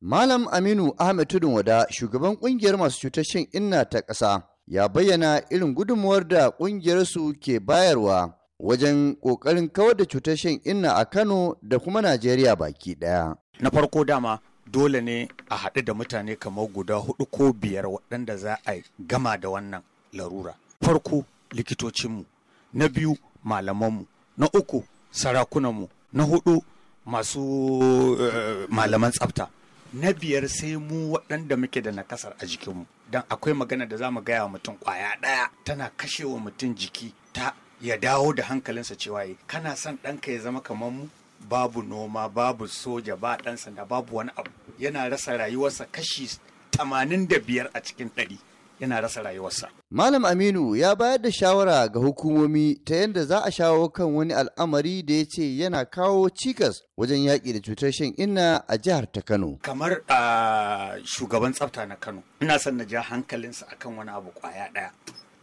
Malam Aminu Ahmed Tudun Wada, shugaban ƙungiyar masu cutar shan inna ta ƙasa, ya bayyana irin gudunmuwar da ƙungiyarsu ke bayarwa wajen ƙoƙarin kawar da cutar shan inna a Kano da kuma Najeriya baki ɗaya. Na farko dama dole ne a haɗu da mutane kamar guda hudu ko biyar waɗanda za a gama da wannan larura. Farko likitocinmu, na biyu malamanmu, na uku sarakunanmu, na hudu masu eh, malaman tsafta. na biyar sai mu waɗanda muke da nakasar a jikinmu don akwai magana da za mu gaya wa mutum kwaya ɗaya tana kashewa mutum jiki ta ya dawo da hankalinsa cewa yi eh, kana son ɗanka ya zama kamar mu babu noma babu soja ba ɗan sanda babu wani abu yana rasa rayuwarsa kashi tamanin da biyar a cikin ɗari yana rasa rayuwarsa. Malam Aminu ya bayar da shawara ga hukumomi ta yadda za a shawo kan wani al'amari da ya ce yana kawo cikas wajen yaƙi da cutar shan inna a jihar ta Kano. Kamar a shugaban tsafta na Kano, ina son na ja hankalinsa akan wani abu kwaya ɗaya.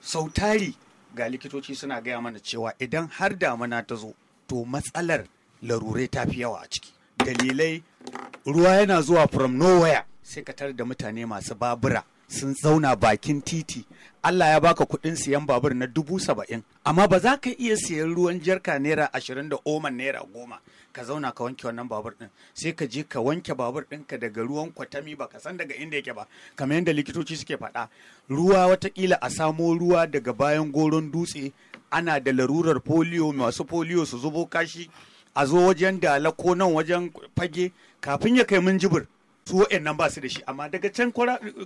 Sau tari ga likitoci suna gaya mana cewa idan har damana ta zo, to matsalar larurai ta fi yawa a ciki. Dalilai ruwa yana zuwa from nowhere sai ka tare da mutane masu babura sun zauna bakin titi Allah ya baka kuɗin siyan babur na dubu saba'in amma ba za ka iya siyan ruwan jarka naira ashirin da oman naira goma ka zauna ka wanke wannan babur ɗin sai ka je ka wanke babur ɗinka daga ruwan kwatami ba ka san daga inda yake ba kamar yadda likitoci suke faɗa ruwa watakila a samo ruwa daga bayan goron dutse ana da larurar polio masu polio su zubo kashi a zo wajen dala ko nan wajen fage kafin ya kai min jibir su waɗannan ba su da shi amma daga can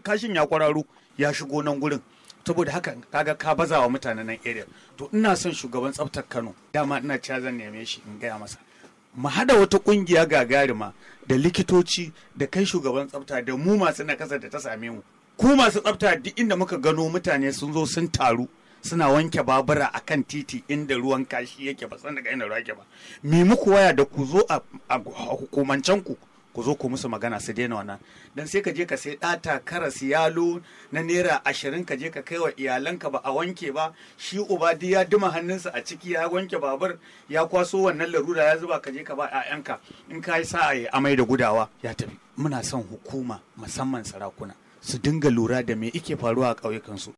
kashin ya kwararo ya shigo nan gurin saboda haka kaga ka baza wa mutanen nan area to ina son shugaban tsaftar Kano dama ina cewa zan neme shi in gaya masa mu hada wata kungiya gagarima da likitoci da kai shugaban tsafta da mu masu nakasa da ta same mu ku masu tsafta duk inda muka gano mutane sun zo sun taru suna wanke babura a kan titi inda ruwan kashi yake ba san daga inda ruwa yake ba mi muku waya da ku zo a hukumancen ku ku zo ku musu magana su daina wannan dan sai ka je ka sai ɗata karas yalo na naira ashirin ka je ka kai wa iyalanka ba a wanke ba shi uba duk ya duma hannunsa a ciki ya wanke babur ya kwaso wannan larura ya zuba ka je ka ba ƴaƴanka in ka yi sa'a ya amai da gudawa ya tafi muna son hukuma musamman sarakuna su dinga lura da me ike faruwa a ƙauyukansu